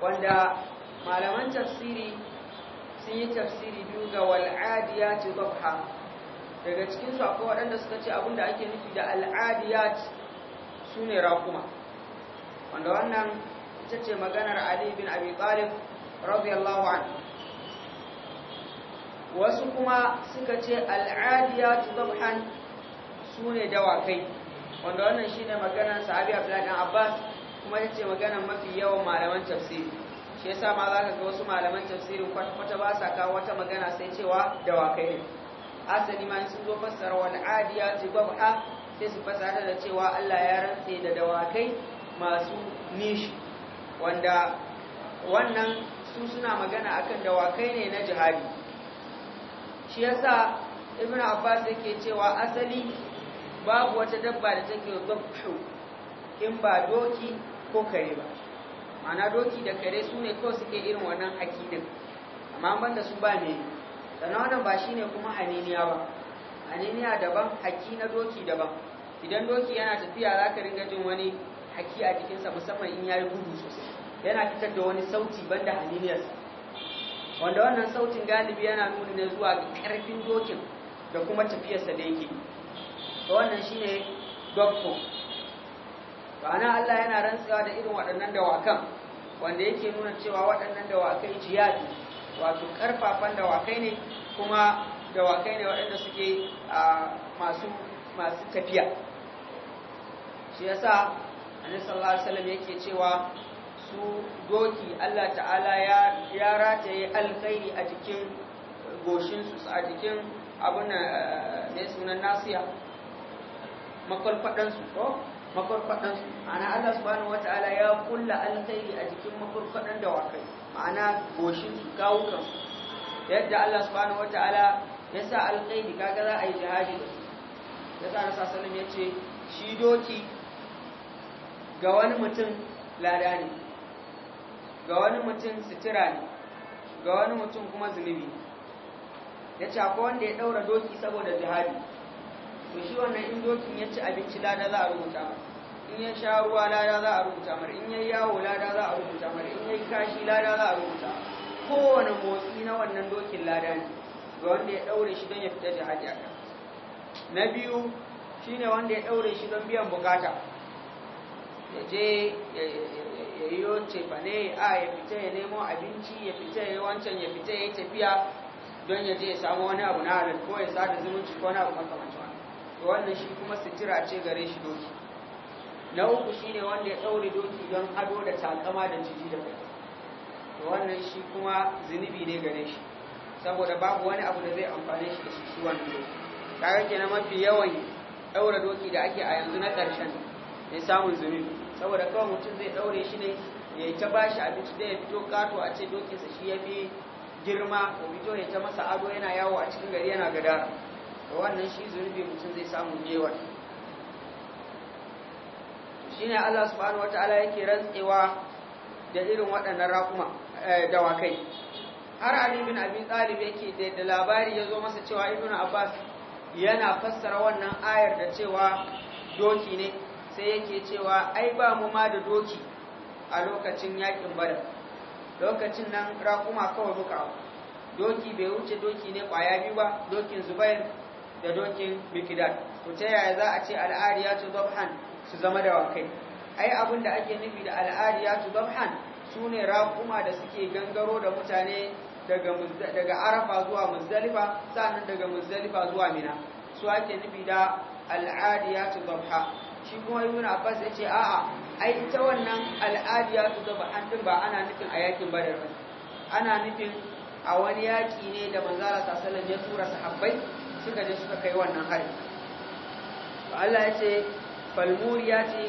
wanda malaman tafsiri sun yi tafsiri biyu ga wal'adiyat dhabha daga cikin su akwai waɗanda suka ce abinda ake nufi da al'adiyat sune rakuma wanda wannan ita ce maganar Ali bin Abi Talib radiyallahu anhu wasu kuma suka ce al'adiyat dhabhan sune dawakai wanda wannan shine maganar sahabi Abdullah bin Abbas kuma ita ce magana mafi yawan malaman tafsiri shi yasa ma za ka ga wasu malaman tafsirin kwata-kwata ba sa kawo wata magana sai cewa dawakai ne asali ma sun zo fassara wani wal adiyati gwabha sai su fassara da cewa Allah ya rantse da dawakai masu nishi wanda wannan su suna magana akan dawakai ne na jihadi shi yasa ibnu abbas yake cewa asali babu wata dabba da take gwabhu in ba doki ko kare ba ma'ana doki da kare su ne kawai suke irin wannan akidin amma ban da su ba ne sannan wannan ba shi ne kuma aniniya ba aniniya daban haki na doki daban idan doki yana tafiya za ka ringa jin wani haki a jikinsa musamman in ya yi gudu sosai yana fitar da wani sauti ban da aniniyarsa wanda wannan sautin galibi yana nuni ne zuwa ga ƙarfin dokin da kuma tafiyarsa da yake wannan shine dogfo Ba'ana Allah yana rantsuwa da irin waɗannan dawakan wanda yake nuna cewa waɗannan dawakai jihadi wato ƙarfafan dawakai ne kuma dawakai ne waɗanda suke masu masu tafiya shi ya sa, sallallahu salam yake cewa su doki Allah ta'ala ya rataye alkhairi a jikin goshin a jikin abin da eh, ne sunan nasiya makalfadan ko mafarfadansu ana Allah subhanahu wata'ala ya kulla alkhairi a jikin da dawakai ma'ana goshin su kawukan su yadda Allah subhanahu wata'ala ya sa alkhairi kaga za a yi jihadi da su ya sa Rasul sallallahu ya ce shi doki ga wani mutum lada ne ga wani mutum sitira ne ga wani mutum kuma zunubi ya ce akwai wanda ya daura doki saboda jihadi to shi wannan in dokin ya ci abinci lada za a rubuta mar in ya sha ruwa lada za a rubuta mar in ya yi yawo lada za a rubuta mar in ya yi kashi lada za a rubuta kowane motsi na wannan dokin lada ne ga wanda ya ɗaure shi don ya fita da haji a na biyu shi ne wanda ya ɗaure shi don biyan bukata ya je ya yi yonce ba ne a ya fita ya nemo abinci ya fita ya yi wancan ya fita ya yi tafiya don ya je ya samu wani abu na halal ko ya sada zumunci ko wani abu makamancin to wannan shi kuma sitira ce gare shi doki na uku ne wanda ya ɗaure doki don ado da takama da jiji da kai to wannan shi kuma zunubi ne gare shi saboda babu wani abu da zai amfane shi da shi shi wannan doki kaga kenan mafi yawan ɗaura doki da ake a yanzu na ƙarshen ne samun zunubi saboda kawai mutum zai ɗaure shi ne ya yi ta ba shi abinci da ya fito kato a ce dokinsa shi ya fi girma ko fito ya ta masa ado yana yawo a cikin gari yana gadara da wannan shi zurbi mutum zai samu yawa ne Allah subhanahu wataala yake rantsewa da irin waɗannan raƙuma eh, dawakai har Ali abin Abi Talib yake da labari ya zo masa cewa Ibn Abbas yana fassara wannan ayar da cewa doki ne sai yake cewa ai ba mu ma da doki a lokacin yakin Badar lokacin nan rakuma kawai muka doki bai wuce doki ne kwaya biyu ba dokin Zubair da dokin mikidat to ta yaya za a ce al'ariyatu dhabhan su zama da wankai ai abin da ake nufi da al'ariyatu dhabhan sune raquma da suke gangaro da mutane daga daga arafa zuwa muzdalifa sannan daga muzdalifa zuwa mina su ake nufi da al'adiyatu dhabha shi kuma ibn abbas yace a'a ai ita wannan al'adiyatu dhabhan din ba ana nufin a yakin badar ba ana nufin a wani yaki ne da manzara sallallahu alaihi wasallam ya tura sahabbai suka je suka kai wannan hari Allah ya ce falmuriyati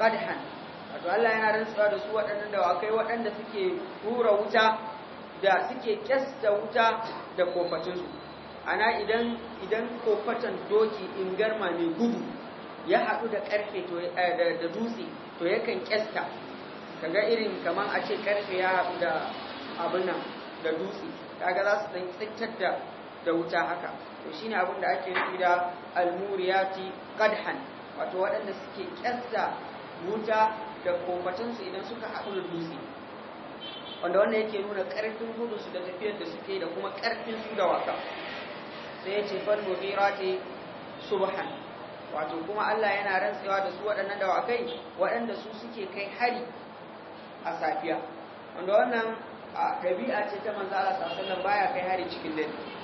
kadhan wato Allah yana rantsuwa da su waɗannan dawakai waɗanda suke hura wuta da suke kyasta wuta da kofatinsu ana idan idan kofatan doki in garma mai gudu ya haɗu da ƙarfe eh, da dutse to yakan kyasta kaga irin kamar a ce ƙarfe ya haɗu da abin nan da dutse kaga za su dan da da wuta haka to shine abin da ake nufi da al-muriyati qadhan wato waɗanda suke kyasta wuta da su idan suka haɗu da dutse wanda wannan yake nuna ƙarfin su da tafiyar da suke da kuma ƙarfin su da waka sai ya ce fal mubirati subhan wato kuma Allah yana rantsewa da su waɗannan dawakai waɗanda su suke kai hari a safiya wanda wannan ɗabi'a ce ta manzo Allah sallallahu alaihi wasallam baya kai hari cikin dare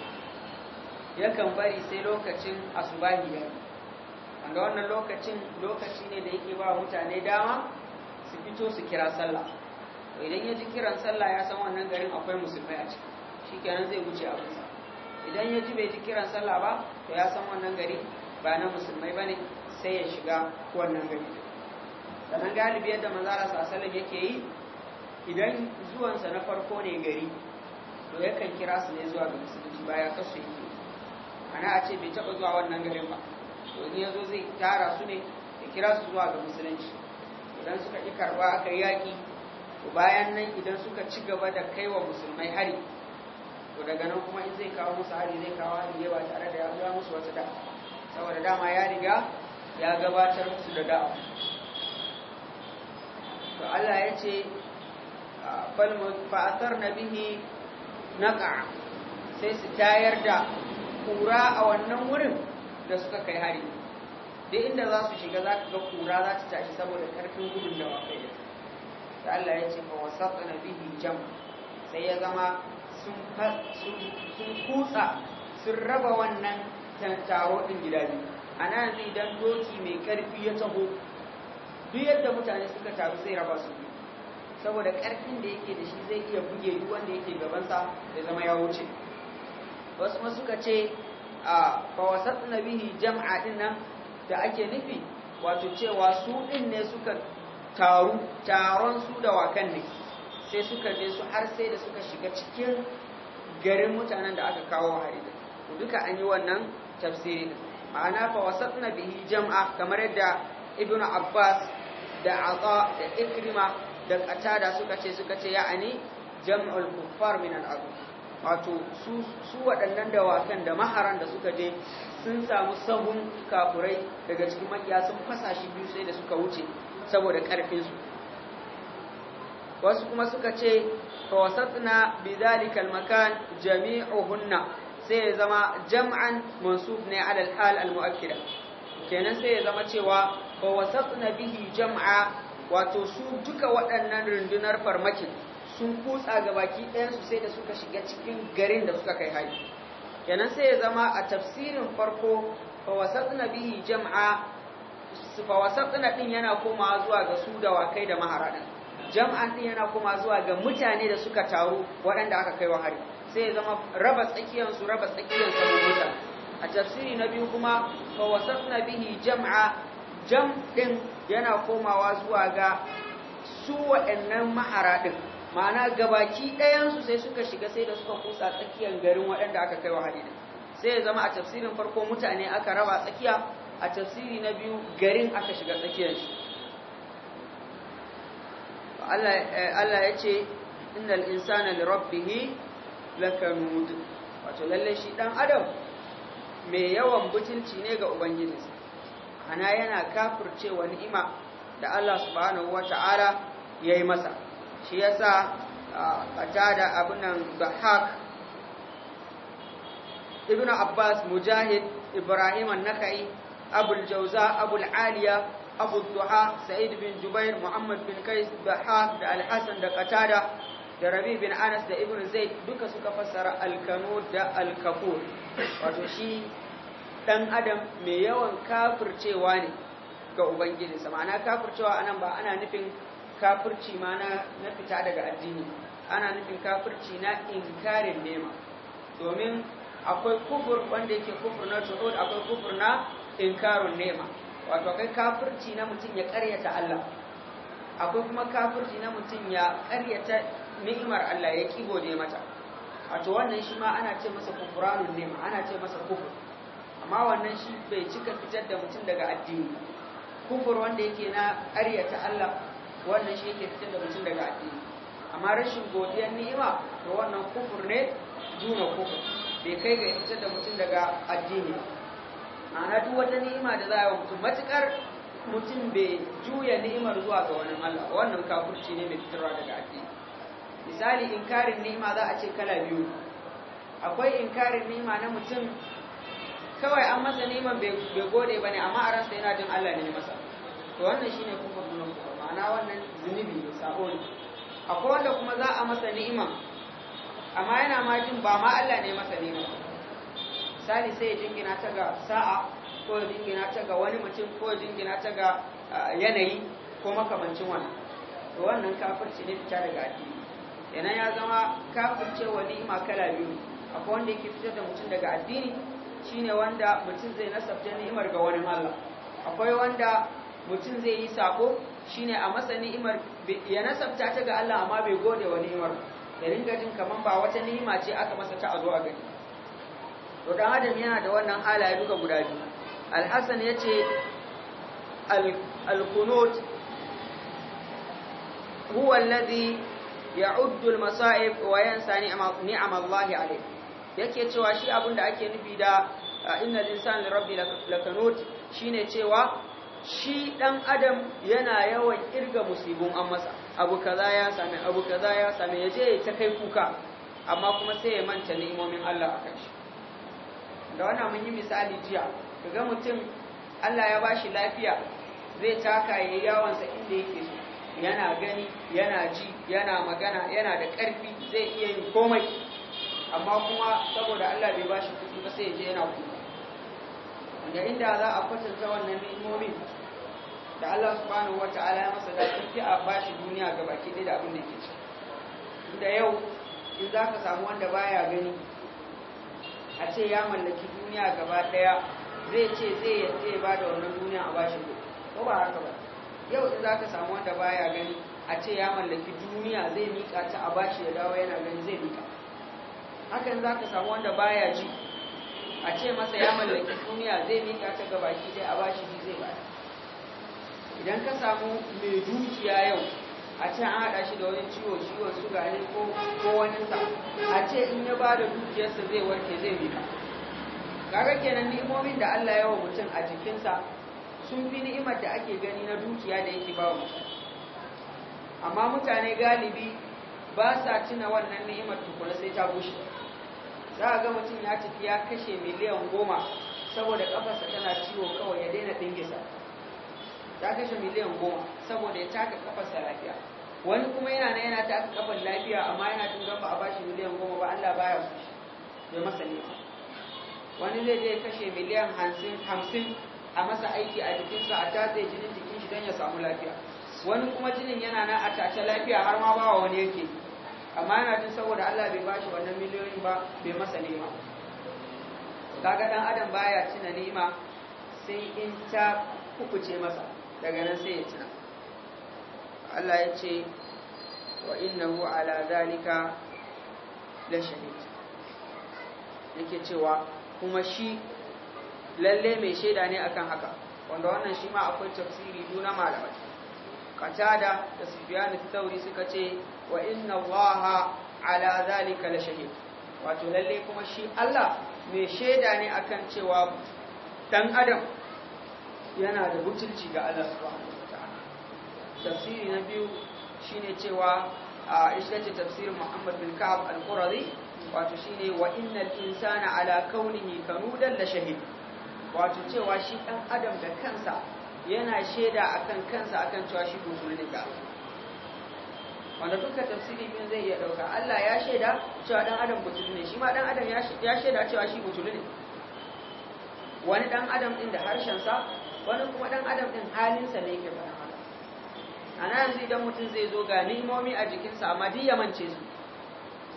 yakan bari sai lokacin asubahi ya yi wanda wannan lokacin lokaci ne da yake ba mutane dama su fito su kira sallah to idan ya ji kiran sallah ya san wannan garin akwai musulmai a ciki shikenan zai wuce a abinsa idan ya ji bai ji kiran sallah ba to ya san wannan gari ba na musulmai ba ne sai ya shiga wannan gari sannan galibi yadda manzara sasalin yake yi idan zuwansa na farko ne gari to yakan kira su ne zuwa ga musulunci baya kasu yake ana a ce bai taɓa zuwa wannan garin ba to in yazo zai tara su ne ya kira su zuwa ga musulunci idan suka ki karɓa aka yi yaƙi to bayan nan idan suka ci gaba da kai wa musulmai hari to daga nan kuma in zai kawo musu hari zai kawo hari ne ba tare da ya zuwa musu wata da saboda dama ya riga ya gabatar musu da da'a to Allah ya ce fa'atar na bihi naƙa sai su tayar da kura a wannan wurin da suka kai hari da inda za su shiga za ka ga kura za ta tashi saboda karfin gudun da wakai da ta Allah ya ce wasa tsana bihi jam sai ya zama sun kutsa sun raba wannan taro din gida biyu nan zai idan doki mai karfi ya taho duk yadda mutane suka taru sai raba su saboda karfin da yake da shi zai iya buge duk wanda yake gabansa ya zama ya wuce wasu ma suka ce a fawasat nabihi jam'a din nan da ake nufi wato cewa su din ne suka taru taron su da wakan ne sai suka je su har sai da suka shiga cikin garin mutanen da aka kawo hari duka an yi wannan tafsiri ma'ana fawasat nabihi jam'a kamar yadda Ibn abbas da ata da ikrima da qatada suka ce suka ce ya'ani jam'ul kuffar minan al wato su waɗannan dawakan da maharan da suka je sun samu sahun kafurai daga cikin makiya sun fasa shi biyu sai da suka wuce saboda ƙarfinsu wasu kuma suka ce fawasatna bi zalikal makan jami'uhunna sai ya zama jam'an mansub ne alal hal al muakkida kenan sai ya zama cewa fawasatna bihi jam'a wato su duka waɗannan rundunar farmakin sun kutsa ga baki ɗayansu sai da suka shiga cikin garin da suka kai haji kenan sai ya zama a tafsirin farko fawasatna bihi jam'a fawasatna din yana komawa zuwa ga su da wakai da maharadan jam'an din yana komawa zuwa ga mutane da suka taru waɗanda aka kai wa hari sai ya zama raba tsakiyar su raba tsakiyar su a tafsiri na biyu kuma fawasatna bihi jam'a jam din yana komawa zuwa ga su waɗannan maharaɗin ma'ana gabaki ɗayansu sai suka shiga sai da suka kusa tsakiyar garin waɗanda aka kai wa hadida sai ya zama a tafsirin farko mutane aka raba tsakiya a tafsiri na biyu garin aka shiga tsakiyar shi Allah eh, ya ce innal insana li rabbih lakanud wato lallai shi ɗan adam mai yawan butulci ne ga ubangijinsa ana yana kafircewa ni'ima da Allah subhanahu ya yi masa shi yasa qatada abunan bahak ibn abbas mujahid ibrahim an-nakai abul jauza abul aliya abu duha sa'id bin jubair muhammad bin kais bahak da Alhassan da Katada da rabi bin anas da ibn zaid duka suka fassara al da al wato shi dan adam mai yawan kafircewa ne ga ubangijinsa ma'ana kafircewa anan ba ana nufin kafirci ma na fita daga addini ana nufin kafirci na inkarin nema domin akwai kufur wanda yake kufur na tuhud akwai kufur na inkarin nema wato akwai kafirci na mutum ya karyata Allah akwai kuma kafirci na mutum ya karyata ni'imar Allah ya ki gode mata wato wannan shi ma ana ce masa kufuranun nema ana ce masa kufur amma wannan shi bai cika fitar da mutum daga addini kufur wanda yake na karyata Allah wannan shi yake fitar da mutum daga addini amma rashin godiyar ni'ima da wannan kufur ne juna kufur bai kai ga fitar da mutum daga addini ana duk wata ni'ima da za a yi mutum matukar mutum bai juya ni'imar zuwa ga wani Allah wannan kafurci ne mai fitarwa daga addini misali inkarin ni'ima za a ce kala biyu akwai inkarin ni'ima na mutum kawai an masa ni'iman bai gode ba ne amma a ransa yana jin Allah ne masa to wannan shine ma'ana wannan zunubi sabo ne akwai wanda kuma za a masa ni'ima amma yana ma jin ba ma Allah ne masa ni'ima misali sai ya jingina ta ga sa'a ko ya jingina ta ga wani mutum ko ya jingina ta ga yanayi ko makamancin wani. to wannan kafirci ne fita daga addini yana ya zama wa ni'ima kala biyu akwai wanda yake fitar da mutum daga addini shine wanda mutum zai nasabta ni'imar ga wani mallam akwai wanda mutum zai yi sako shine a masa ni'imar ya nasabta ta ga Allah amma bai gode wa ni'imar da ringa jin ba wata ni'ima ce aka masa ta azo a gani to dan adam yana da wannan halaye duka guda biyu al-hasan yace al-qunut huwa alladhi ya'uddu al-masa'ib wa yansa ni'am Allah alayh yake cewa shi abinda ake nufi da innal insana li lakanut shine cewa shi ɗan adam yana yawan irga musibin an masa abu kaza ya same abu kaza ya same ya je ta kai kuka amma kuma sai ya manta ni'imomin Allah a kan da wannan mun yi misali jiya kaga mutum Allah ya bashi lafiya zai taka yayi sa inda yake so yana gani yana ji yana magana yana da karfi zai iya yin komai amma kuma saboda Allah bai bashi kuɗi ba sai ya je yana kuka Daga inda za a kwatanta wannan ni'imomin da Allah subhanahu ta'ala ya masa da fi a bashi duniya ga baki ɗaya da abin da ke ciki inda yau in za ka samu wanda baya gani a ce ya mallaki duniya gaba ɗaya zai ce zai yadda ya da wannan duniya a bashi ko ba haka ba yau in za ka samu wanda baya gani a ce ya mallaki duniya zai miƙa ta a bashi ya dawo yana gani zai miƙa hakan za ka samu wanda baya ji a ce masa ya mallaki duniya zai mika ta ga baki dai a bashi shi zai bada idan ka samu mai dukiya yau a ce an haɗa shi da wani ciwo ciwo suga ne ko wani sa a ce in ya ba da dukiyarsa zai warke zai mika kaga kenan ni'imomin da Allah ya wa mutum a jikinsa sun fi ni'imar da ake gani na dukiya da yake ba amma mutane galibi ba sa tuna wannan ni'imar tukuna sai ta bushe za a ga mutum ya tafi ya kashe miliyan goma saboda kafarsa tana ciwo kawai ya daina dingisa ta kashe miliyan goma saboda ya taka kafarsa lafiya wani kuma yana na yana taka kafar lafiya amma yana tun gaba a bashi miliyan goma ba Allah baya su shi bai masa nema wani zai je kashe miliyan hamsin a masa aiki a jikinsa a tatse jinin jikin shi don ya samu lafiya wani kuma jinin yana na a tace lafiya har ma bawa wani yake amma yana jin saboda Allah bai bashi wannan miliyoyin ba bai masa nema kaga dan adam baya cina nema sai in ta kukuce masa daga nan sai ya cina Allah ya ce wa innahu ala zalika la shahid yake cewa kuma shi lalle mai shaida ne akan haka wanda wannan shi ma akwai tafsiri duna malamai kata da sufyan tauri thawri suka ce wa inna allaha ala zalika la shahid wato lalle kuma shi Allah me shaida ne akan cewa dan adam yana da butulci ga Allah subhanahu wataala tafsiri na biyu shine cewa a ishtati tafsir Muhammad bin Ka'ab al-Quradi wato shine wa innal insana ala kaunihi kanudan la shahid wato cewa shi dan adam da kansa yana shaida akan kansa akan cewa shi butulci ga Allah wanda duka tafsiri biyun zai iya dauka Allah ya shaida cewa dan adam butulu ne shi ma dan adam ya shaida cewa shi butulu ne wani dan adam din da harshen sa wani kuma dan adam din halinsa ne yake fara ana yanzu idan mutum zai zo ga nimomi a jikinsa amma duk ya mance su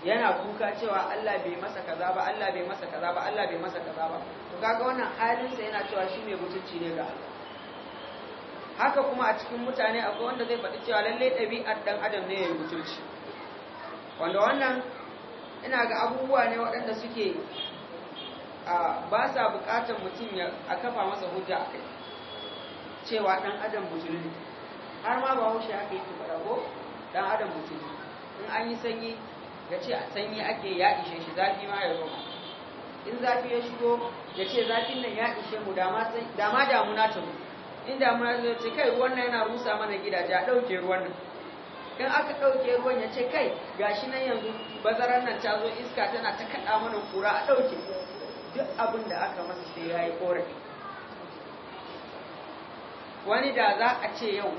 yana kuka cewa Allah bai masa kaza ba Allah bai masa kaza ba Allah bai masa kaza ba to kaga wannan halinsa yana cewa shi mai mutunci ne ga Allah haka kuma a cikin mutane akwai wanda zai faɗi cewa lallai ɗabi'ar ɗan adam ne ya yi mutunci wanda wannan ina ga abubuwa ne waɗanda suke ba sa buƙatar mutum ya a kafa masa hujja a kai cewa ɗan adam musulmi har ma ba haushe haka yake faɗa ko ɗan adam mutunci in an yi sanyi ya ce a sanyi ake ya ishe shi zafi ma ya zoma in zafi ya shigo ya ce zafin nan ya ishe mu dama damuna ta mu inda ma ya ce kai ruwan yana rusa mana gidaje a ɗauke ruwan nan in aka ɗauke ruwan ya ce kai gashi nan yanzu bazarar nan ta zo iska tana ta kaɗa mana kura a ɗauke duk abin da aka masa sai ya yi ƙorafi wani da za a ce yau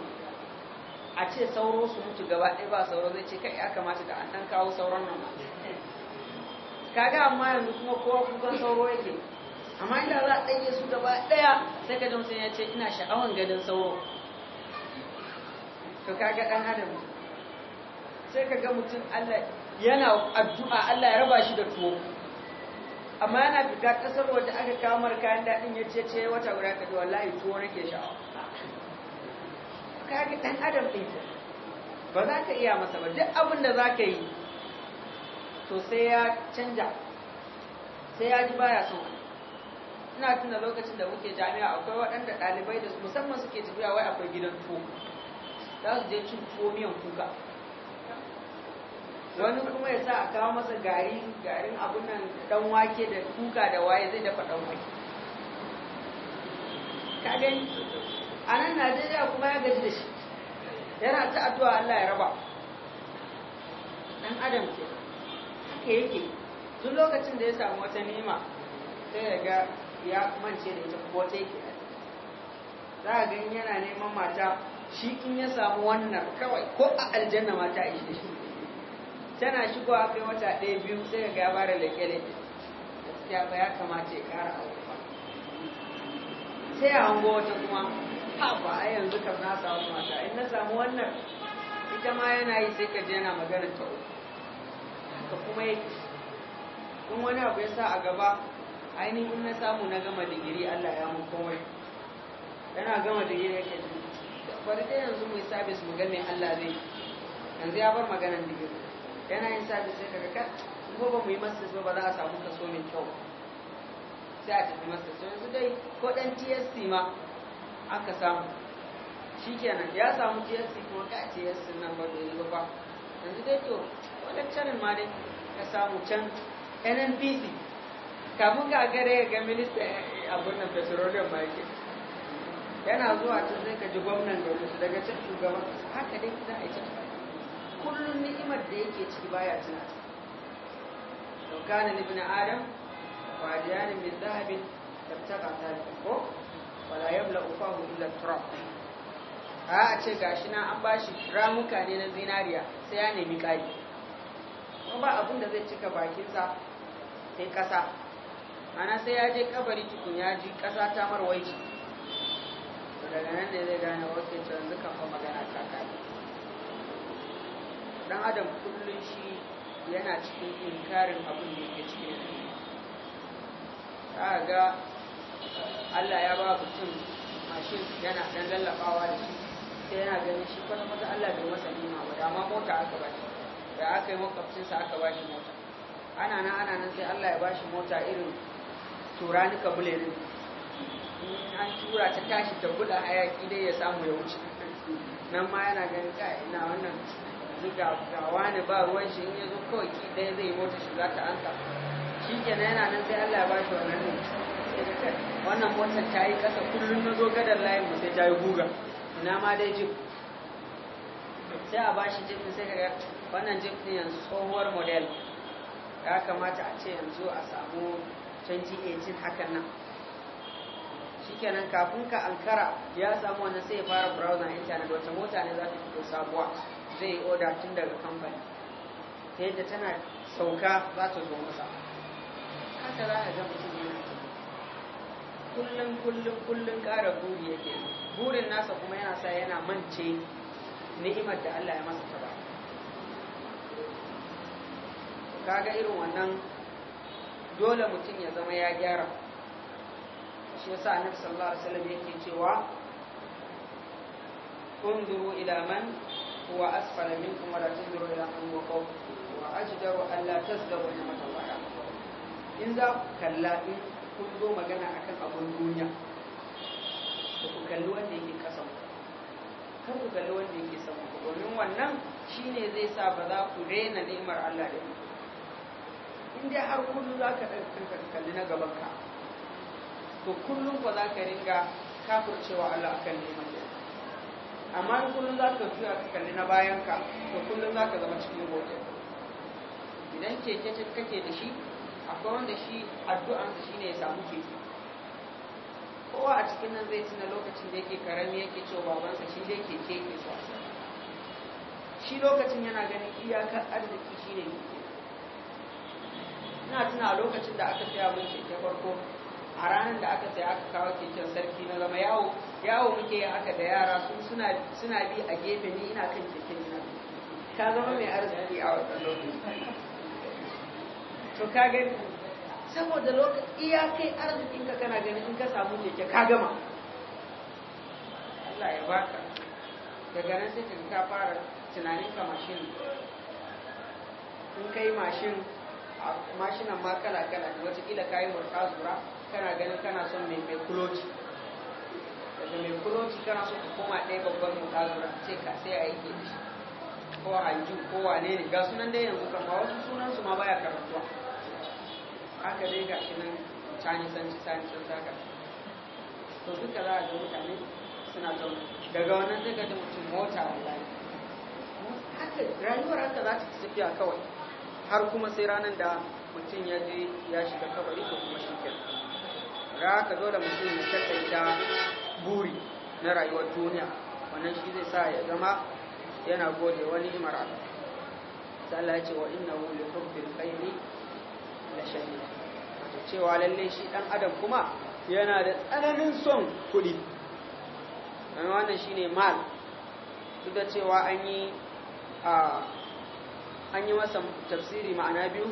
a ce sauro su mutu gaba ɗaya ba sauro zai ce kai ya kamata da an ɗan kawo sauron nan kaga amma yanzu kuma kowa kukan sauro yake amma inda za a ɗanye su gaba ɗaya sai ka mutum ya ce ina sha'awan gadon sawo to kaga ɗan adam sai ka ga mutum Allah yana addu'a Allah ya raba shi da tuwo amma yana fita ƙasar waje aka kamar kayan daɗin ya ce ce wata guda ka ji wallahi tuwo nake sha'awa kaga ɗan adam ɗin ba za ka iya masa ba duk abin da za ka yi to sai ya canja sai ya ji baya son ina tuna lokacin da muke jami'a akwai waɗanda ɗalibai da musamman suke tafiya wai akwai gidan tuwo za su je cin tuwo miyan kuka wani kuma ya sa a kawo masa gari garin abun nan dan wake da kuka da waye zai dafa dan wake ka gani a nan najeriya kuma ya gaji da shi yana ta addu'a allah ya raba dan adam ke haka yake duk lokacin da ya samu wata nema sai ya ga ya mance da ita ko ɗaya ke za a gani yana neman mata shi in ya samu wannan kawai ko a aljanna mata a da shi tana shigowa kai wata ɗaya biyu sai ga ya bara da leke gaskiya ba ya kamata ya ƙara aure ba sai a hango wata kuma haba a yanzu kam na samu mata in na samu wannan ita ma yana yi sai ka je yana magana ta uku haka kuma yake in wani abu ya sa a gaba ainihin na samu na gama digiri Allah ya mun komai yana gama digiri yake bari dai yanzu mu yi sabis mu gane Allah zai yanzu ya bar maganan digiri yana yin sabis sai kaga ka ko ba mu yi masters ba za a samu kaso mai kyau sai a tafi masters yanzu dai ko dan TSC ma aka samu shikenan ya samu TSC kuma ka TSC nan ba dole ba ba yanzu dai to wannan channel ma dai ka samu can NNPC kafin ka gare ga minista eh, abin nan petroleum market yana zuwa tun zai ka ji gwamnan da su daga can shugaban haka dai za a yi can kullum ni'imar da yake ciki baya tuna to kana ibn adam fadiyan min dhahabin tabtaqa talika ko wala yamla ufahu illa turab a a ce gashi na an bashi ramuka ne na zinariya sai ya nemi kai kuma ba abin da zai cika bakinsa sai kasa mana sai ya je kabari tukun ya ji ƙasa ta marwaici daga nan ne zai gane wasu ya canzu kafa magana ta kare dan adam kullum shi yana cikin inkarin abin da yake cikin ta ga Allah ya ba mutum mashin yana dan lallabawa da shi sai yana ganin shi kwana mata Allah bai masa nima ba dama mota aka ba shi da aka yi makwabcinsa aka ba shi mota ana nan ana nan sai Allah ya ba shi mota irin tura ni ka bule ni an tura ta tashi ta buɗa hayaki dai ya samu ya wuce nan ma yana ganin ka ina wannan zuga gawa ne ba ruwan shi in ya zo kawai ki ɗaya zai mota shi za ta anka shi kenan yana nan sai Allah ya ba shi wannan ne wannan motar ta yi ƙasa kullum na zo gadar layin mu sai ta yi guga ina ma dai jib sai a bashi jib sai ka ga wannan jib ɗin yanzu tsohuwar model ya kamata a ce yanzu a samu 2018 hakan nan shi kenan kafin ka ankara ya samu wannan sai ya fara browser internet wata mota ne za ta fito sabuwa zai yi order tun daga kamfani ta yadda tana sauka za ta zo masa haka za a zama cikin yana kullum kullum kullum ƙara buri yake burin nasa kuma yana sa yana mance ni'imar da Allah ya masa ta ba kaga irin wannan dole mutum ya zama ya gyara shi yasa annabi sallallahu alaihi wasallam yake cewa unzuru ila man huwa asfala minkum wa la tunzuru ila man huwa fawqa wa ajdaru an la tazdaru ni'mat Allah in za ku kalla in kun zo magana akan abun duniya to ku kalli wanda yake kasa ku ku kalli wanda yake sama domin wannan shine zai sa ba za ku rena ni'mar Allah da ku in dai har kullum za ka kalli na gaban ka to kullum ba za ka ringa kafircewa Allah akan neman yadda amma in kullum za ka juya ka kalli na bayan ka to kullum za ka zama cikin gobe idan keke kake da shi akwai wanda shi addu'ansa shine ya samu keke kowa a cikin nan zai tuna lokacin da yake karami yake cewa babansa shi zai keke ke shi lokacin yana ganin iyakar arziki shine ina tuna lokacin da aka saya mun keke farko a ranar da aka saya aka kawo keken sarki na zama yawo yawo muke haka da yara sun suna bi a gefe ni ina kan keken nan ka zama mai arziki a wannan lokacin to ka gani saboda lokaci iya kai arzikin ka kana ganin in ka samu keke ka gama Allah ya baka daga nan sai ka fara tunanin ka mashin in kai mashin mashinan ma kala kala ne watakila ka yi murka zura kana ganin kana son mai mai kuloci daga mai kuloci kana son ka koma ɗaya babban murka zura sai ka sai a yake da shi ko hanju ko wane ne ga sunan dai yanzu kan ba wasu sunan su ma baya karatuwa haka dai ga shi nan cani san ci cani san saka to duka za a ga mutane suna son daga wannan zai da mutum mota wallahi haka rayuwar haka za ta tafiya kawai har kuma sai ranar da mutum ya je ya shiga kabari ko kuma shi ra ka zo da mutum ya takaita buri na rayuwar duniya wannan shi zai sa ya zama yana gode wani imara Allah ce wa innahu li hubbil khairi la shadid wato cewa lalle shi dan adam kuma yana da tsananin son kuɗi wannan shine mal duk da cewa an yi a ah, an yi masa tafsiri ma'ana biyu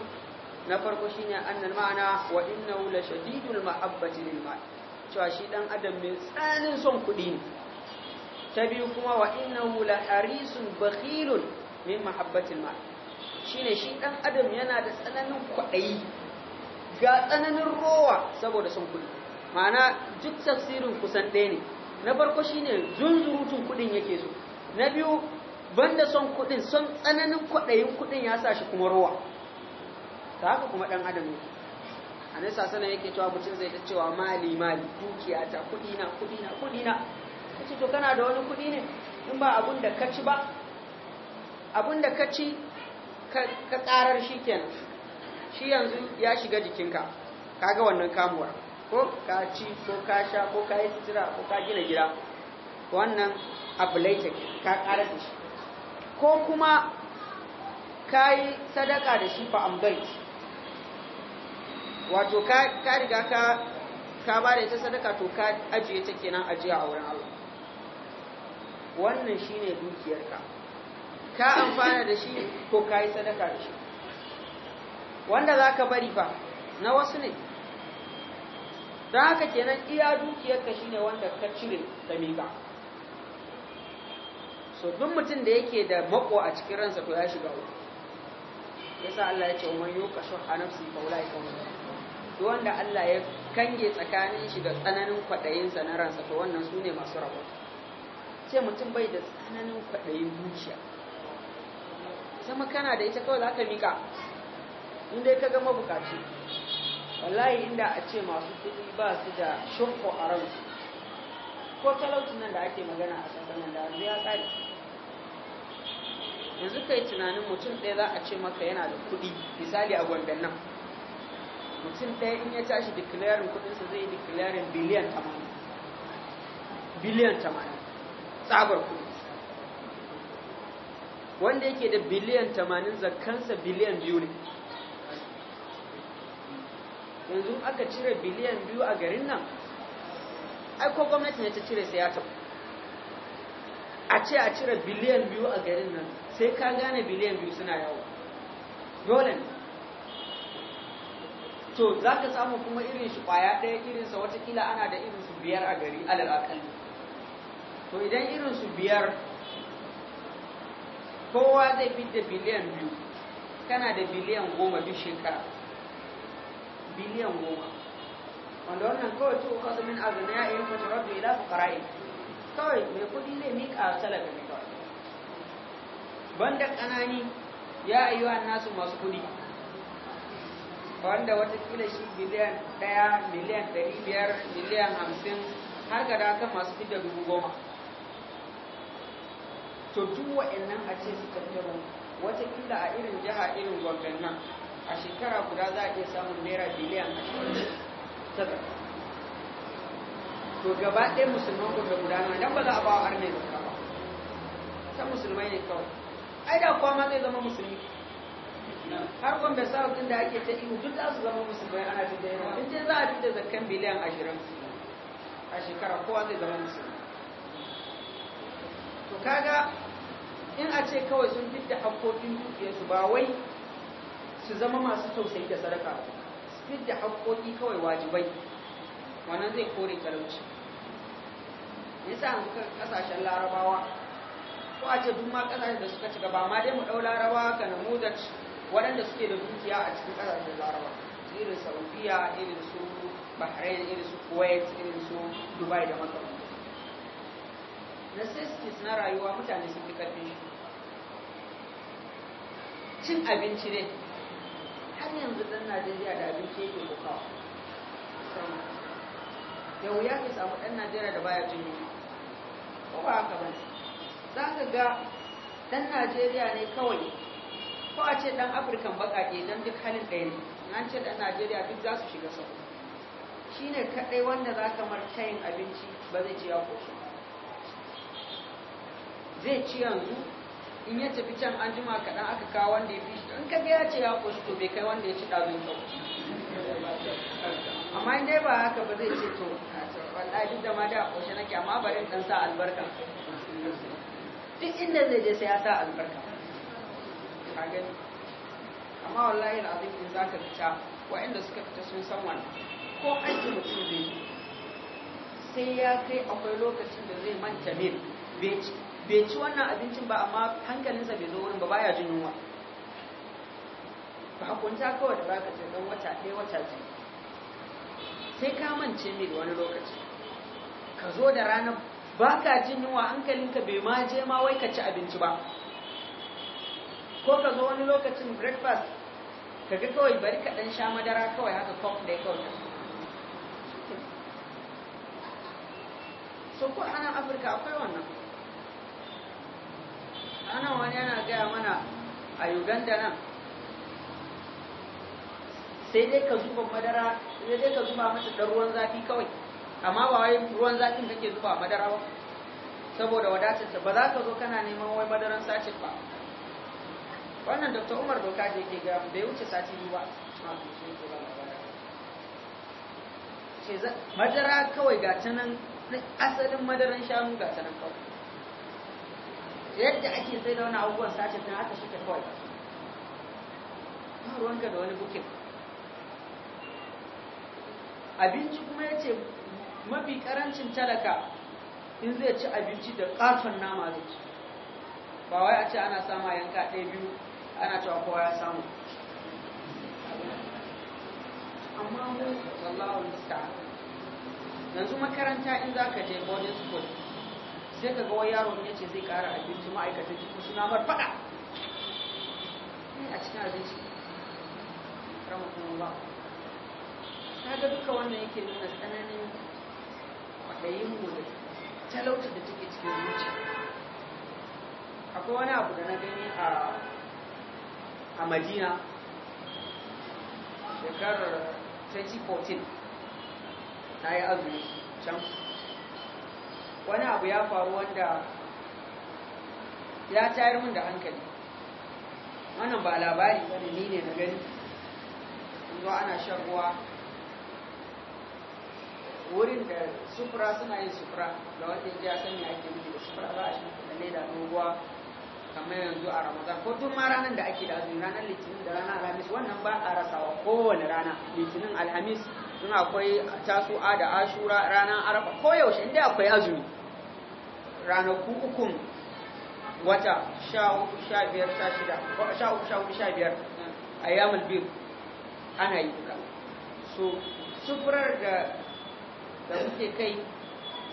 na farko shi ne annan ma'ana wa inna wula shadidul ma'abbaci lil mal cewa shi dan adam mai tsanin son kudi ne ta biyu kuma wa inna wula harisun bakilun min mahabbatil Shi ne shi dan adam yana da tsananin kwaɗayi ga tsananin rowa saboda son kudi ma'ana duk tafsirin kusan ɗaya ne na farko shi ne zunzurutun kudin yake so na biyu banda son kuɗin son tsananin kwaɗayin kuɗin ya sa shi kuma ruwa ta haka kuma ɗan adam yake a nesa sanar yake cewa mutum zai ta cewa mali mali dukiya ta kudi na kudi na kudi na ta ce to kana da wani kuɗi ne in ba abun da ka ci ba abun da ka ci ka karar shi kenan shi yanzu ya shiga jikinka kaga wannan kamuwar ko ka ci ko ka sha ko ka yi sutura ko ka gina gida wannan abu laita ka karar shi ko kuma ka yi sadaka da shi bai wato ka riga ka ba da ita sadaka to ka ajiye ta kenan ajiya a wurin Allah wannan shi ne dukiyarka ka amfana da shi ko ka yi sadaka da shi wanda za ka bari fa na wasu ne don haka kenan iya dukiyarka shi ne wanda ka cire da mega so duk mutum da yake da mako a cikin ransa to ya shiga uku yasa Allah ya ce umar yau ka shuha nafsi faula ya kauna da wanda Allah ya kange tsakanin shi da tsananin kwaɗayinsa na ransa to wannan su ne masu rabo ce mutum bai da tsananin kwaɗayin zuciya zama kana da ita kawai za ka miƙa in dai ka gama bukaci wallahi inda a ce masu kuɗi ba su da shukko a ransu ko talaucin nan da ake magana a sassanin da ya ƙari yanzu kai tunanin mutum ɗaya za a ce maka yana da kuɗi misali a gwandan nan mutum ɗaya in ya tashi declaring kuɗinsa zai yi declaring biliyan tamanin biliyan tamanin tsabar kuɗi wanda yake da biliyan tamanin zakansa biliyan biyu ne yanzu aka cire biliyan biyu a garin nan ai ko gwamnati ne ta cire sai ya tabu a ce a cire biliyan biyu a garin nan sai ka gane biliyan biyu suna yawo dole to za ka samu kuma irin shi kwaya ɗaya irinsa watakila ana da irinsu biyar a gari alal akalli to idan irinsu biyar kowa zai fi da biliyan biyu kana da biliyan goma duk shekara biliyan goma wanda wannan kawai to kasu min azna ya yi mutu rabbi ila fuqara'i kawai mai kuɗi zai miƙa talaka ne kawai banda ƙanani ya ayyuwa nasu masu kuɗi wanda watakila shi miliyan ɗaya miliyan ɗari biyar miliyan hamsin har ga da masu masu da dubu goma to duk wa'annan a ce su wata watakila a irin jiha irin gwamnan a shekara guda za a iya samun naira biliyan ashirin to gaba ɗaya musulman ku ta gudana idan ba za a ba wa da ba ta musulmai ne kawai ai da kwa ma zai zama musulmi har bai sa din da ake ta ihu duk za su zama musulmai ana da yawa in ce za a da zakan biliyan ashirin a shekara kowa zai zama musulmi to kaga in a ce kawai sun fidda hakkokin dukiyarsu ba wai su zama masu tausayi da sadaka su fidda hakkoki kawai wajibai wannan zai kore talauci me yasa yanzu kasashen larabawa ko a ce duk ma kasashen da suka ci gaba ma dai mu ɗau larabawa ka na mudaj waɗanda suke da dukiya a cikin kasashen larabawa irin saudiya irin su bahrain irin su kuwait irin su dubai da na necessities na rayuwa mutane sun fi karfin shi cin abinci ne har yanzu dan najeriya da abinci yake bukawa da wuya ke samu ɗan najeriya da baya jin yunwa ko ba haka ba za ka ga ɗan najeriya ne kawai ko a ce ɗan afirkan baƙaƙe don duk halin ɗaya ne an ce ɗan najeriya duk za su shiga sau shi ne kaɗai wanda za ka yin abinci ba zai ci ya koshi zai ci yanzu in ya tafi can an jima kaɗan aka kawo wanda ya fi shi in ka ya ce ya koshi to bai kai wanda ya ci ɗazun kyau amma in dai ba haka ba zai ce to wallahi duk da ma da koshe nake amma bari dan sa albarka duk inda zai je sai ya sa albarka ka gani amma wallahi alazim in zaka fita waɗanda suka fita sun san wannan ko aiki mutum zai yi sai ya kai akwai lokacin da zai manta min bai ci wannan abincin ba amma hankalinsa bai zo wurin ba baya jin yunwa ba kunta kawai da baka ce don wata ɗaya wata ce sai ka mance mil wani lokaci ka zo da rana ba ka jin yunwa hankalinka bai ma je ma wai ka ci abinci ba ko ka zo wani lokacin breakfast ka ga kawai bari ka dan sha madara kawai haka kwamf da ya kawai so ko ana afirka akwai wannan ana wani yana gaya mana a uganda nan sai dai ka zuba madara sai dai ka zuba mata ruwan zafi kawai amma ba wai ruwan zaƙin kake zuba madara ba saboda wadatarsa ba za ka zo kana neman wai madaran sace ba wannan dr umar doka da yake ga bai wuce sati yi ba madara kawai ga ta asalin madaran shanu ga ta kawai yadda ake sai da wani abubuwan sace na haka shi kawai ba ruwanka da wani bukin abinci kuma ya ce mafi karancin talaka in zai ci abinci da ƙaton nama zai ci ba wai a ce ana sama yanka ɗaya biyu ana cewa kowa ya samu amma mu wallahu musta'an yanzu makaranta in za ka je boarding school sai ka ga wani yaro ne ce zai ƙara abinci ma'aikata jikin suna mar faɗa eh, a cikin abinci ba. Ta ga duka wannan yake nuna tsananin kwaɗayin yi da talauta da take cikin zuci akwai wani abu da na gani a madina shekarar 2014 na yi azumi can wani abu ya faru wanda ya tayar min da hankali wannan ba labari wani ni ne na gani zo ana shan ruwa wurin da sufura suna yin sufura da wata ya san ake yi da sufura za a shi da da nuguwa kamar yanzu a ramadan ko tun ma ranar da ake da azumi ranar litinin da ranar alhamis wannan ba a rasawa kowane rana litinin alhamis sun akwai tasu'a da ashura ranar arafa ko yaushe inda akwai azumi ranaku ukun wata sha uku sha biyar sha shida sha uku sha uku sha biyar a yamul bir ana yi so sufurar da da suke kai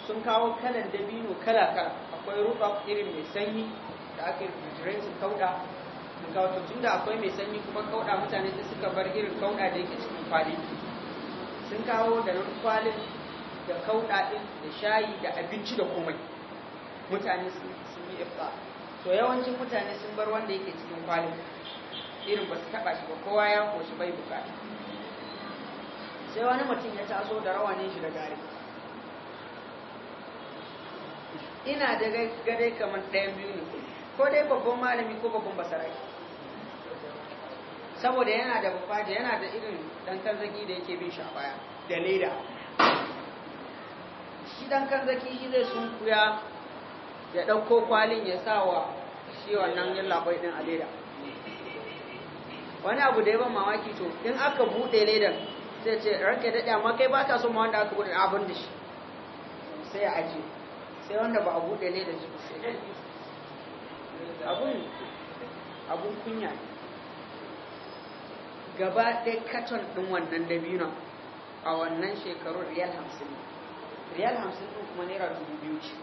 sun kawo kalan dabino kala kala akwai ruba irin mai sanyi da aka yi refrigerating kauda sun kawo to tunda akwai mai sanyi kuma kauda mutane sai suka bar irin kauda da yake cikin kwalin sun kawo da nan kwalin da kauda din da shayi da abinci da komai mutane sun yi ifta to yawancin mutane sun bar wanda yake cikin kwalin irin ba su taba shi ba kowa ya koshi bai bukata sai wani mutum ya taso da rawanin shi da gari ina da gare kamar ɗayan biyu ne ko dai babban malami ko babban basarai saboda yana da bufata yana da irin dan kanzaki da yake bin shi a baya da leda shi ɗan kanzaki shi zai sun kuya ya ɗauko kwalin ya sa wa shi wannan yin labai ɗin a leda wani abu da ya ban mamaki to in aka buɗe ledan sai ce ranka daɗe amma kai ba ka so ma wanda aka bude abin da shi sai a aji sai wanda ba a buɗe ne da shi abun abun kunya ne gaba ɗaya katon ɗin wannan dabinon a wannan shekarun riyal hamsin ne riyal hamsin ɗin kuma naira dubu biyu ce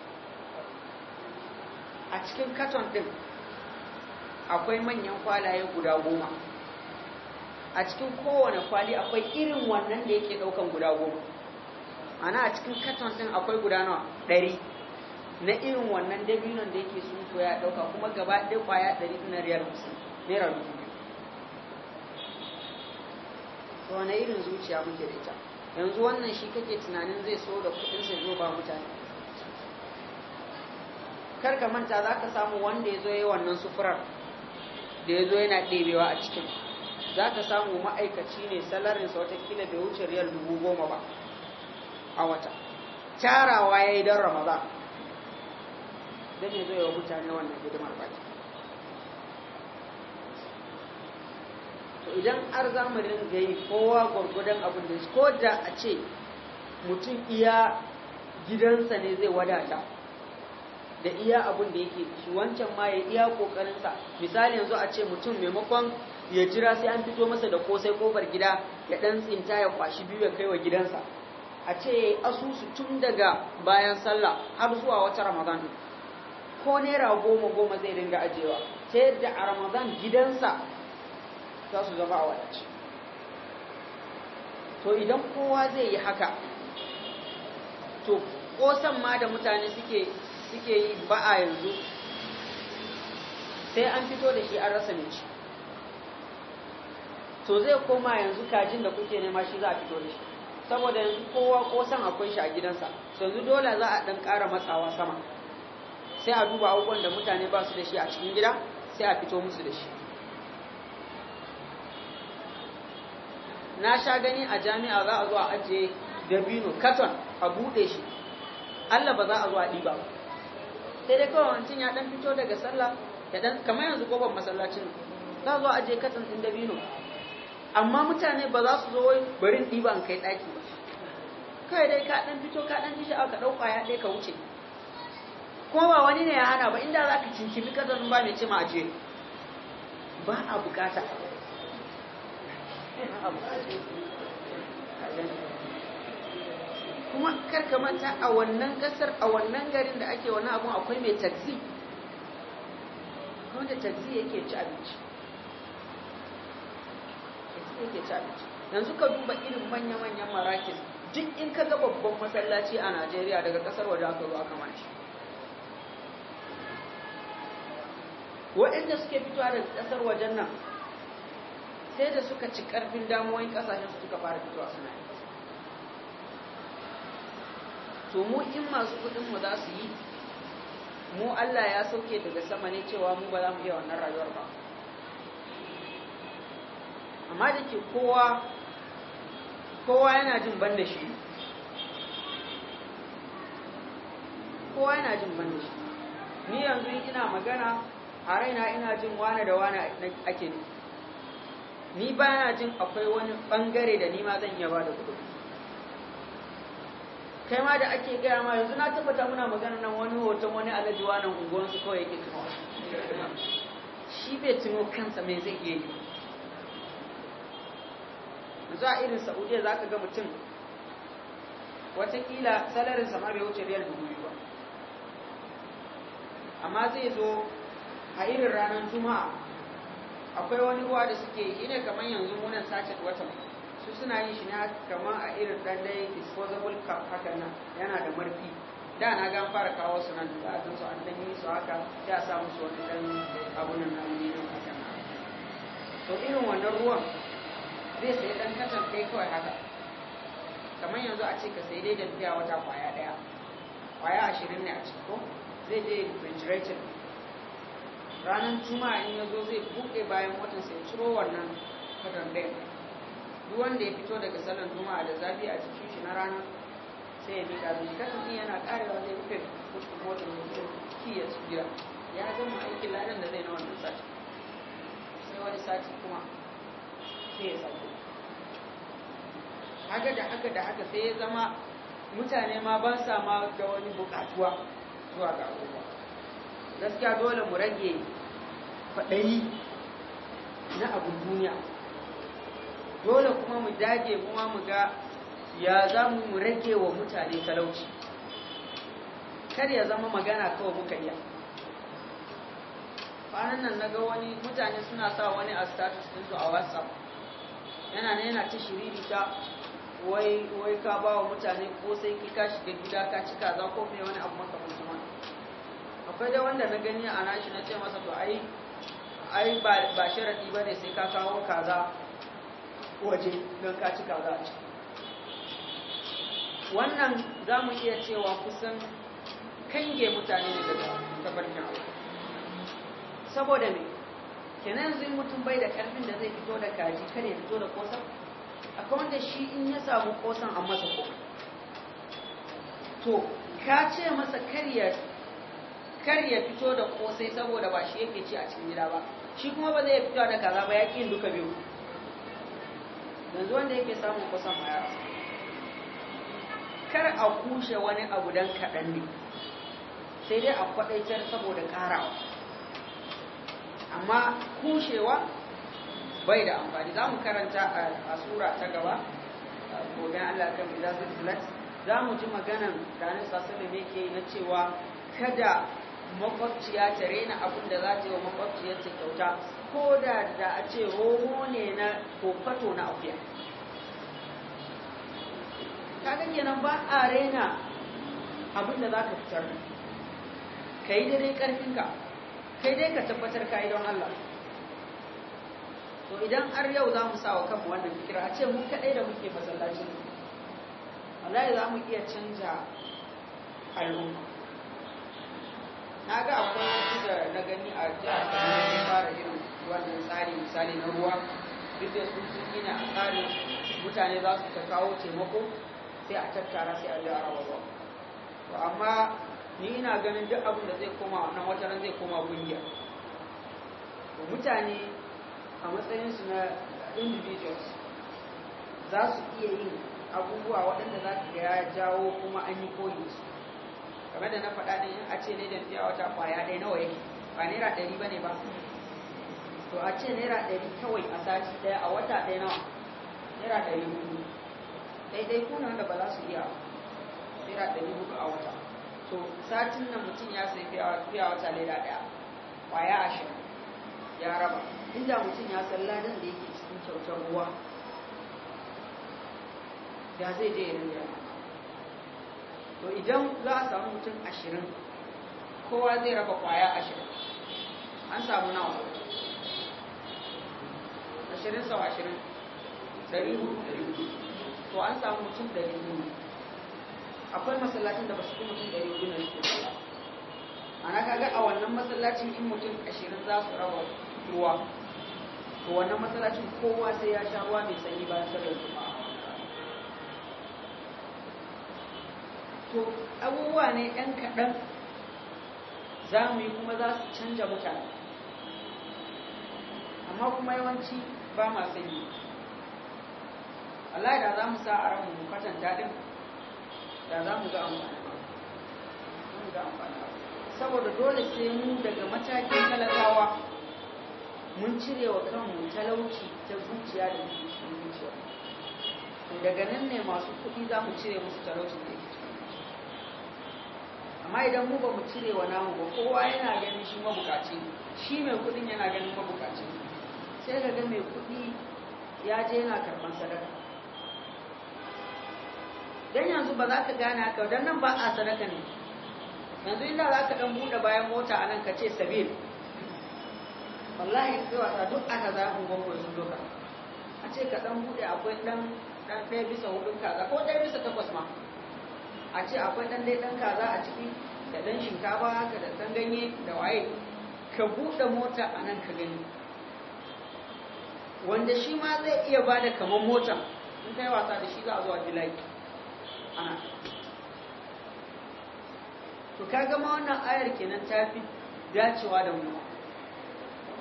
a cikin katon ɗin akwai manyan kwalaye guda goma a cikin kowane kwali akwai irin wannan da yake ɗaukan guda goma ana a cikin katon ɗin akwai guda nawa ɗari na irin wannan dabinon da yake sun ya ɗauka kuma gaba ɗaya kwaya ɗari na riyar musu naira dubu biyu to wani irin zuciya muke da ita yanzu wannan shi kake tunanin zai so da kuɗinsa zo ba mutane kar ka manta za ka samu wanda ya zo ya yi wannan sufurar da ya zo yana ɗebewa a cikin za ta samu ma'aikaci ne salarinsa watakila bai wuce riyal dubu goma ba a wata tarawa ya yi don ramaza don ya zai wa mutane wannan hidimar baki to idan har zamanin ga kowa gwargwadon abin da ko da a ce mutum iya gidansa ne zai wadata da iya abun da yake shi wancan ma ya iya kokarinsa misali yanzu a ce mutum maimakon ya jira sai an fito masa da kosai kofar gida ya dan tsinta ya kwashi biyu ya kai wa gidansa a ce asusu tun daga bayan sallah har zuwa wata ramadan ko naira goma goma zai ringa ajewa ta yadda a ramadan gidansa za su zama a wadace to idan kowa zai yi haka to kosan ma da mutane suke suke yi ba a yanzu sai an fito da shi an rasa mai to zai koma yanzu kajin da kuke nema shi za a fito da shi saboda yanzu kowa kosan akwai shi a gidansa to yanzu dole za a dan ƙara matsawa sama sai a duba abubuwan da mutane ba su da shi a cikin gida sai a fito musu da shi na sha gani a jami'a za a zo a ajiye dabino katon a buɗe shi Allah ba za a zo a ɗiba ba sai dai kawai wancan ya dan fito daga sallah ya dan kamar yanzu kofar masallacin za zo aje katin din dabino amma mutane ba za su zo wai barin diban kai daki ba kai dai ka dan fito ka dan dishi ka dauka ya dai ka wuce kuma ba wani ne ya hana ba inda za ka cincimi katin ba mai ce ma aje ba a bukata ba a bukata kuma karka manta a wannan kasar a wannan garin da ake wani abun akwai mai taxi wanda taxi yake ci abinci taxi yake ci abinci yanzu ka duba irin manya-manyan marakis duk in ka ga babban masallaci a najeriya daga kasar waje aka zo aka mashi waɗanda suke fitowa da kasar wajen nan sai da suka ci ƙarfin damuwar ƙasashen su suka fara fitowa suna yi to mu in masu kudin mu za su yi mu Allah ya sauke daga sama ne cewa mu ba za mu iya wannan rayuwar ba amma da ke kowa kowa yana jin ban da shi kowa yana jin ban da shi ni yanzu ina magana a raina ina jin wane da wane ake ni ni ba na jin akwai wani bangare da ni ma zan iya ba da kudu kai ma da ake gaya ma yanzu na tabbata muna magana nan wani hoton wani alaji wannan unguwansu kawai yake tunawa shi bai tuno kansa mai zai iya yi yanzu a irin saudiya za ka ga mutum watakila salarinsa ma bai wuce riyal dubu biyu ba amma zai zo a irin ranar juma'a akwai wani ruwa da suke yi ne kamar yanzu munan sace watan suna yin shi ne kamar a irin ɗanɗayin disposable cup haka nan yana da marfi da na gan fara kawo su nan da a su an ɗanyi su haka ya a samu su wani ɗan abunan aluminium haka nan to irin wannan ruwan zai sai ɗan katon kai kawai haka kamar yanzu a ce ka sai dai da biya wata kwaya ɗaya kwaya ashirin ne a ciki zai je refrigerator ranar juma'a in ya zo zai buɗe bayan watan sai ciro wannan katon ɗaya duk wanda ya fito daga sallar juma'a da zafi a cikin shi na rana sai ya miƙa mishi ɗin yana karewa zai rufe cikin motar mutum ki ya ci gira ya zama aikin ladan da zai na wannan sati sai wani sati kuma sai ya sati haka da haka da haka sai ya zama mutane ma ba sa ma ga wani bukatuwa zuwa ga abubuwa gaskiya dole mu rage faɗayi na abin duniya dole kuma mu dage kuma mu ga ya za mu rage wa mutane talauci kar ya zama magana kawai muka iya kwanan nan na ga wani mutane suna sa wani a status dinsu a whatsapp yana ne yana ta shiriri ta wai wai ka ba wa mutane ko sai ki ka shiga gida ka ci kaza ko mai wani abu maka mutum akwai da wanda na gani a nashi na ce masa to ai ai ba ba ne sai ka kawo kaza waje don ka ci kaza a ciki wannan za mu iya cewa kusan kange mutane ne daga tabarkin abu saboda me kenan zai mutum bai da karfin da zai fito da kaji kada ya fito da kosan a wanda shi in ya samu kosan a masa ko, to ka ce masa kar ya fito da kosai saboda ba shi yake ci a cikin gida ba shi kuma ba zai fito da kaza ba ya ƙin duka biyu yanzu wanda yake samun kusan mara kar a kushe wani abu don kaɗan ne sai dai a kwaɗaitar saboda ƙarawa amma kushewa bai da amfani za mu karanta a sura ta gaba gobe Allah kan bi za su za mu ji maganan ranar sasa da yake na cewa kada makwabciya ta rena abin da za ta yi wa makwabciya ta kyauta ko da da a ce homo ne na kofato na akuya ganye nan ba a rena abin da za ka fitar ka yi dare ƙarfinka kai dai ka tabbatar ka yi don Allah to idan har yau za mu sa wa kanmu wannan fikira a ce mu kaɗai da muke masallacin wallahi za mu iya canja al'umma na ga akwai wasu na gani a jihar kano sun fara irin wannan tsari misali na ruwa duk da su sun gina a tsarin mutane za su ta kawo taimako sai a tattara sai a ji a to amma ni ina ganin duk abin da zai koma wannan wataran zai koma kungiya mutane a matsayinsu na individuals za su iya yin abubuwa waɗanda za su ga ya jawo kuma an yi koyi su kamar da na faɗa ne a ce ne jam'iyya wata kwaya ɗaya nawa yake ba naira ɗari ba ne ba to a ce naira ɗari kawai a sati ɗaya a wata ɗaya nawa naira ɗari hudu ɗaiɗai kuna wanda ba za su iya naira ɗari hudu a wata to satin nan mutum ya sai fiya wata naira ɗaya kwaya ashirin ya raba inda mutum ya san ladan da yake cikin kyautar ruwa da zai je ya rinjaya to idan za a samu mutum ashirin kowa zai raba kwaya ashirin an samu nawa ashirin sau ashirin dari to an samu mutum dari hudu akwai masallacin da ba su fi mutum dari hudu na yake ana kaga a wannan masallacin in mutum ashirin za su raba ruwa to wannan masallacin kowa sai ya sha ruwa mai sanyi bayan sallar juma'a to abubuwa ne ɗan kaɗan za mu yi kuma za su canja mutane amma kuma yawanci ba ma sani Allah da za mu sa a ranar mu daɗin da za mu ga amfani saboda dole sai mu daga matakin talakawa mun cire wa kanmu talauci ta zuciya da zuciya daga nan ne masu kuɗi za mu cire musu talauci da zuciya amma idan mu ba mu cire wa namu ba kowa yana ganin shi mabukaci shi mai kudin yana ganin mabukaci sai ka ga mai kudi ya je yana karban sadaka dan yanzu ba za ka gane haka dan nan ba a sadaka ne yanzu inda za ka dan bude bayan mota a nan ka ce sabil wallahi sai wata duk aka za ku gwamnati sun doka a ce ka dan bude akwai dan dan ɗaya bisa hudun kaza ko ɗaya bisa takwas ma a ce akwai ɗan dai ɗan kaza a ciki da ɗan shinkafa haka da ɗan ganye da waye ka buɗe mota a nan ka gani wanda shi ma zai iya bada kamar mota in kai wasa da shi za a zuwa bilai ana to ka gama wannan ayar kenan ta fi dacewa da mu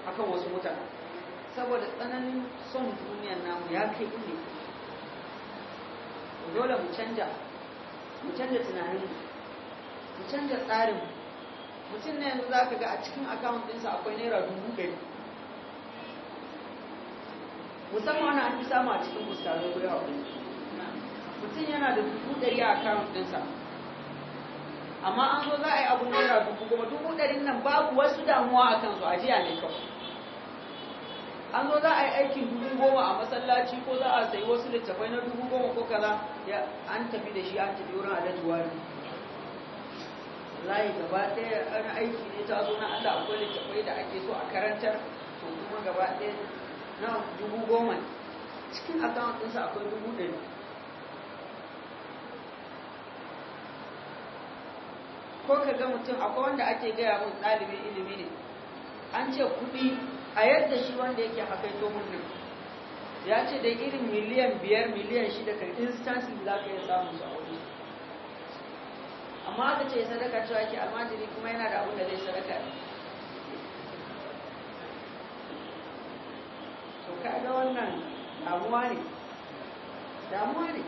akan wasu mutane saboda tsananin son duniyar namu ya kai ne dole mu canja mu canza tunanin mu canza tsarin mutum na yanzu za ka ga a cikin akawun ɗinsa akwai naira dubu ɗari musamman wani an fi samu a cikin ustazai ko wani mutum yana da dubu ɗari a akawun ɗinsa amma an zo za a yi abu naira dubu kuma dubu ɗarin nan babu wasu damuwa a kansu ajiya ne kawai an zo za a yi aikin goma a masallaci ko za a sayi wasu littafai na dubu goma ko kaza ya an tafi da shi an tafi wurin alhaji wani layi gaba ɗaya an aiki ne ta zo na allah akwai littafai da ake so a karantar to kuma gaba ɗaya na dubu goma cikin akawun ɗinsa akwai dubu ɗari ko ka ga mutum akwai wanda ake gaya mun ɗalibin ilimi ne an ce kuɗi a yadda shi wanda yake hakaito mun nan ya ce da irin miliyan biyar miliyan shida kan instansi za ka yi samun su a wuri amma aka ce sadaka cewa ke almajiri kuma yana da abu da zai sadaka to ka ga wannan damuwa ne damuwa ne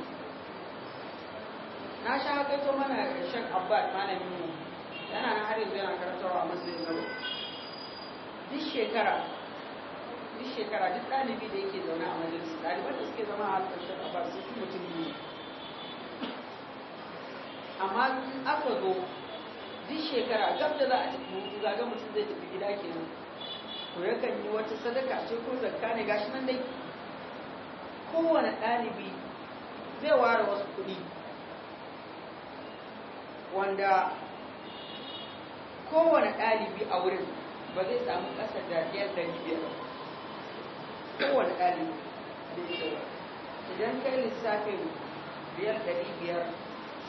na sha haka to mana shan abbas malamin mu yana na har yanzu yana karatarwa a matsayin zaro duk shekara duk shekara duk ɗalibi da yake zaune a majalisa ɗaliban da suke zama a ƙarshen ƙafa su fi mutum biyu amma in aka zo duk shekara gab da za a tafi mutu za ga mutum zai tafi gida kenan to yakan yi wata sadaka ce ko zakka ne gashi nan dai kowane ɗalibi zai ware wasu kuɗi wanda kowane ɗalibi a wurin ba zai samu ƙasa da biyar da biyar kowane ɗalibi da ya shawo idan kai lissafin riyal ɗari biyar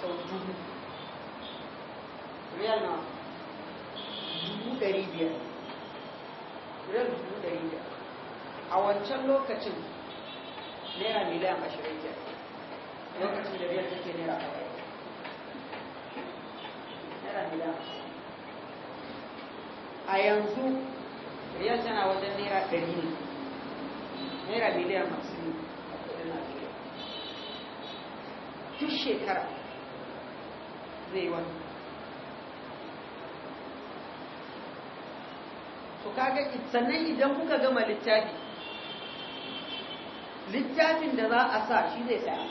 sau dubu riyal na dubu ɗari biyar riyal dubu ɗari biyar a wancan lokacin naira miliyan ashirin ke lokacin da biyar take naira kawai naira miliyan ashirin a yanzu riyal tana wajen naira ɗari ne naira miliyan masu yi a kudin najeriya duk shekara zai wani to kaga sannan idan kuka gama littafi littafin da za a sa shi zai saya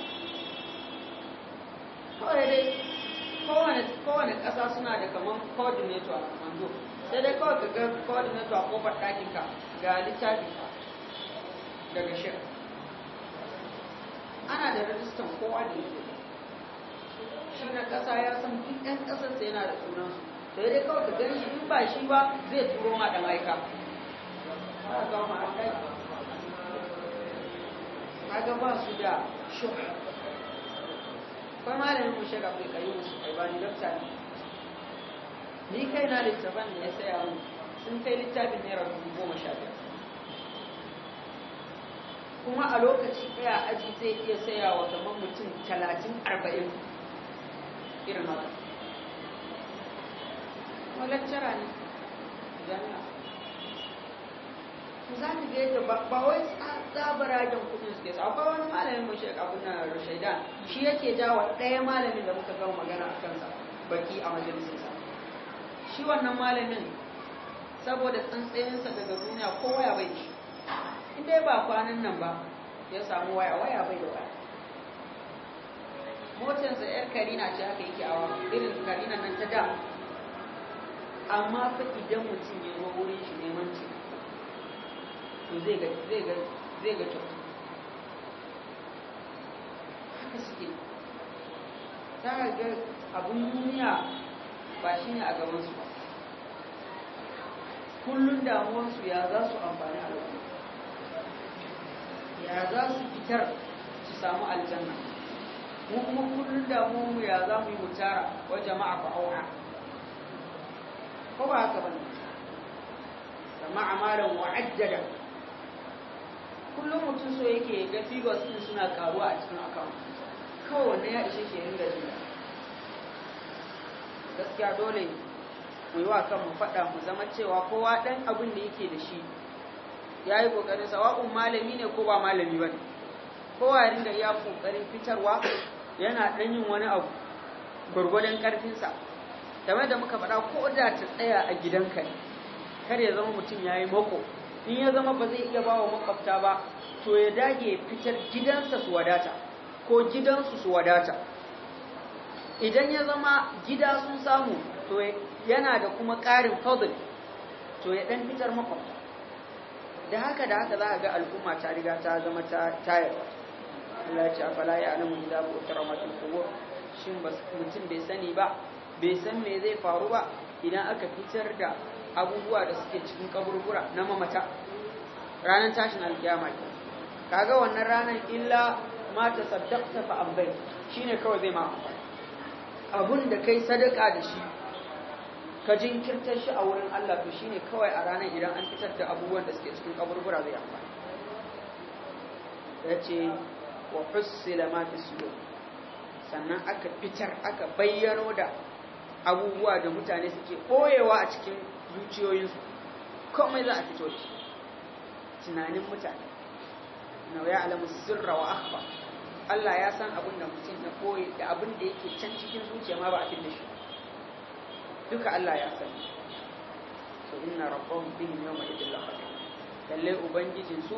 kawai dai kowane ƙasa suna da kamar coordinator a mando sai dai kawai ka ga coordinator a ƙofar ɗakinka ga littafi daga shan ana da rajistan kowa da yake shi na ƙasa ya san duk ɗan ƙasarsa yana da sunansu sai dai kawai ka gani in ba shi ba zai turo ma da maika kaga ba su da shuk kwai malamin mu shaka kai kayi musu kai ba ni lafta ne ni kai na littafan da ya saya sun kai littafin naira dubu goma sha biyar kuma a lokaci ɗaya aji zai iya saya wa kamar mutum talatin arba'in irin haka kuma lantara ne janna ku za mu ga ba wai don kudin su sa akwai wani malamin mu a kafin na da shi yake jawa ɗaya malamin da muka gama magana a kansa baki a majalisinsa shi wannan malamin saboda tsantsayinsa daga duniya kowa ya bai shi in dai ba kwanan nan ba ya samu waya waya bai da waya sa yar karina ce haka yake awa irin karina nan ta da amma fa idan mutum ya zo wurin shi neman ce to zai ga zai ga zai ga kyautu haka suke Ta ga abun duniya ba shi ne a gabansu ba kullum damuwarsu ya za su amfani al'umma ya za su fitar su samu aljanna mu kuma kullum damuwa mu ya za mu yi mu tara wa jama'a ba auha ko ba haka ba bane jama'a wa ajjada kullum mutum so yake ga figures din suna karuwa a cikin account kawai wanda ya ishe ke ringa jira gaskiya dole mu yi wa kanmu faɗa mu zama cewa kowa ɗan abin da yake da shi ya yi ƙoƙarin sawa'un malami ne ko ba malami ba ne kowa ya ringa ya ƙoƙarin fitarwa yana ɗan yin wani abu gwargwadon ƙarfinsa game da muka faɗa ko da ta tsaya a gidanka ne kar ya zama mutum ya yi mako in ya zama ba zai iya ba wa makwabta ba to ya dage fitar gidansa su wadata ko gidansu su wadata idan ya zama gida sun samu to yana da kuma ƙarin fadl to ya ɗan fitar makwabta da haka da haka za a ga al'umma ta riga ta zama ta tayarwa Allah ya ce afala ya alamu da ku ma fil qubur shin mutum bai sani ba bai san me zai faru ba idan aka fitar da abubuwa da suke cikin kaburbura na mamata ranar tashin alkiyama ke kaga wannan ranar illa ma ta saddaqta fa abai shine kawai zai ma abun da kai sadaka da shi ka jinkirtar shi a wurin Allah to shine kawai a ranar idan an fitar da abubuwan da suke cikin kaburbura zai amfani ya ce wa hussila ma fi sannan aka fitar aka bayyano da abubuwa da mutane suke koyewa a cikin zuciyoyinsu komai za a fito shi tunanin mutane na waya alamu sirra wa akhba Allah ya san abin da mutum na koyi da abin da yake can cikin zuciya ma ba a da shi duka Allah ya sani to inna rabbahum bihim yawma idin khabir lalle ubangijin su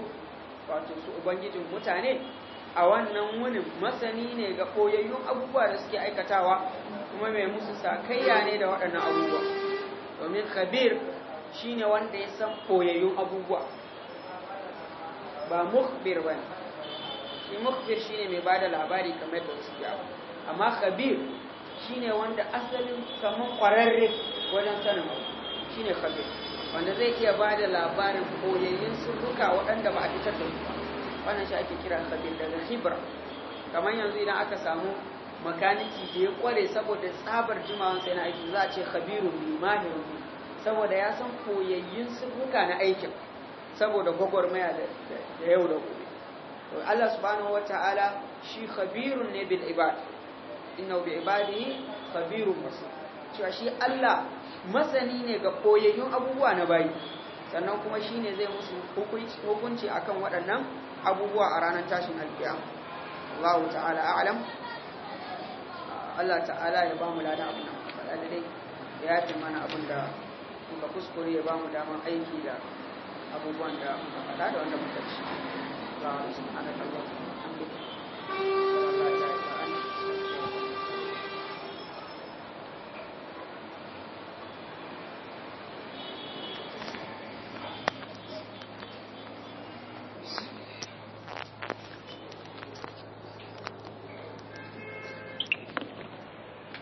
wato su ubangijin mutane a wannan wani masani ne ga koyayyun abubuwa da suke aikatawa kuma mai musu sakayya ne da waɗannan abubuwa domin khabir shine wanda ya san koyayyun abubuwa ba mukhbir bane shi mukhbir shine mai bada labari kamar da wasu yawa amma khabir shine wanda asalin kamar kwararre wajen sanin shine khabir wanda zai iya ba da labarin koyayyin sirruka waɗanda ba a fitar da su wannan shi ake kira khabir daga hibra kamar yanzu idan aka samu makaniki da ya kware saboda tsabar jimawan sai na aiki za a ce khabiru bi mahirun saboda ya san koyayyin sirruka na aikin saboda gwagwarmaya da yau da gobe Allah subhanahu wataala shi khabirun ne bil ibad inna bi ibadi khabirun basir cewa shi Allah masani ne ga koyayyun abubuwa na bayi sannan kuma shine zai musu hukunci akan waɗannan abubuwa a ranar tashin alkiyama Allah ta'ala a'lam Allah ta'ala ya ba mu ladan abin nan faɗa da dai ya yafi mana abin da muka kuskure ya ba mu daman aiki da abubuwan da muka faɗa da wanda muka ci. ana subhanahu Thank you.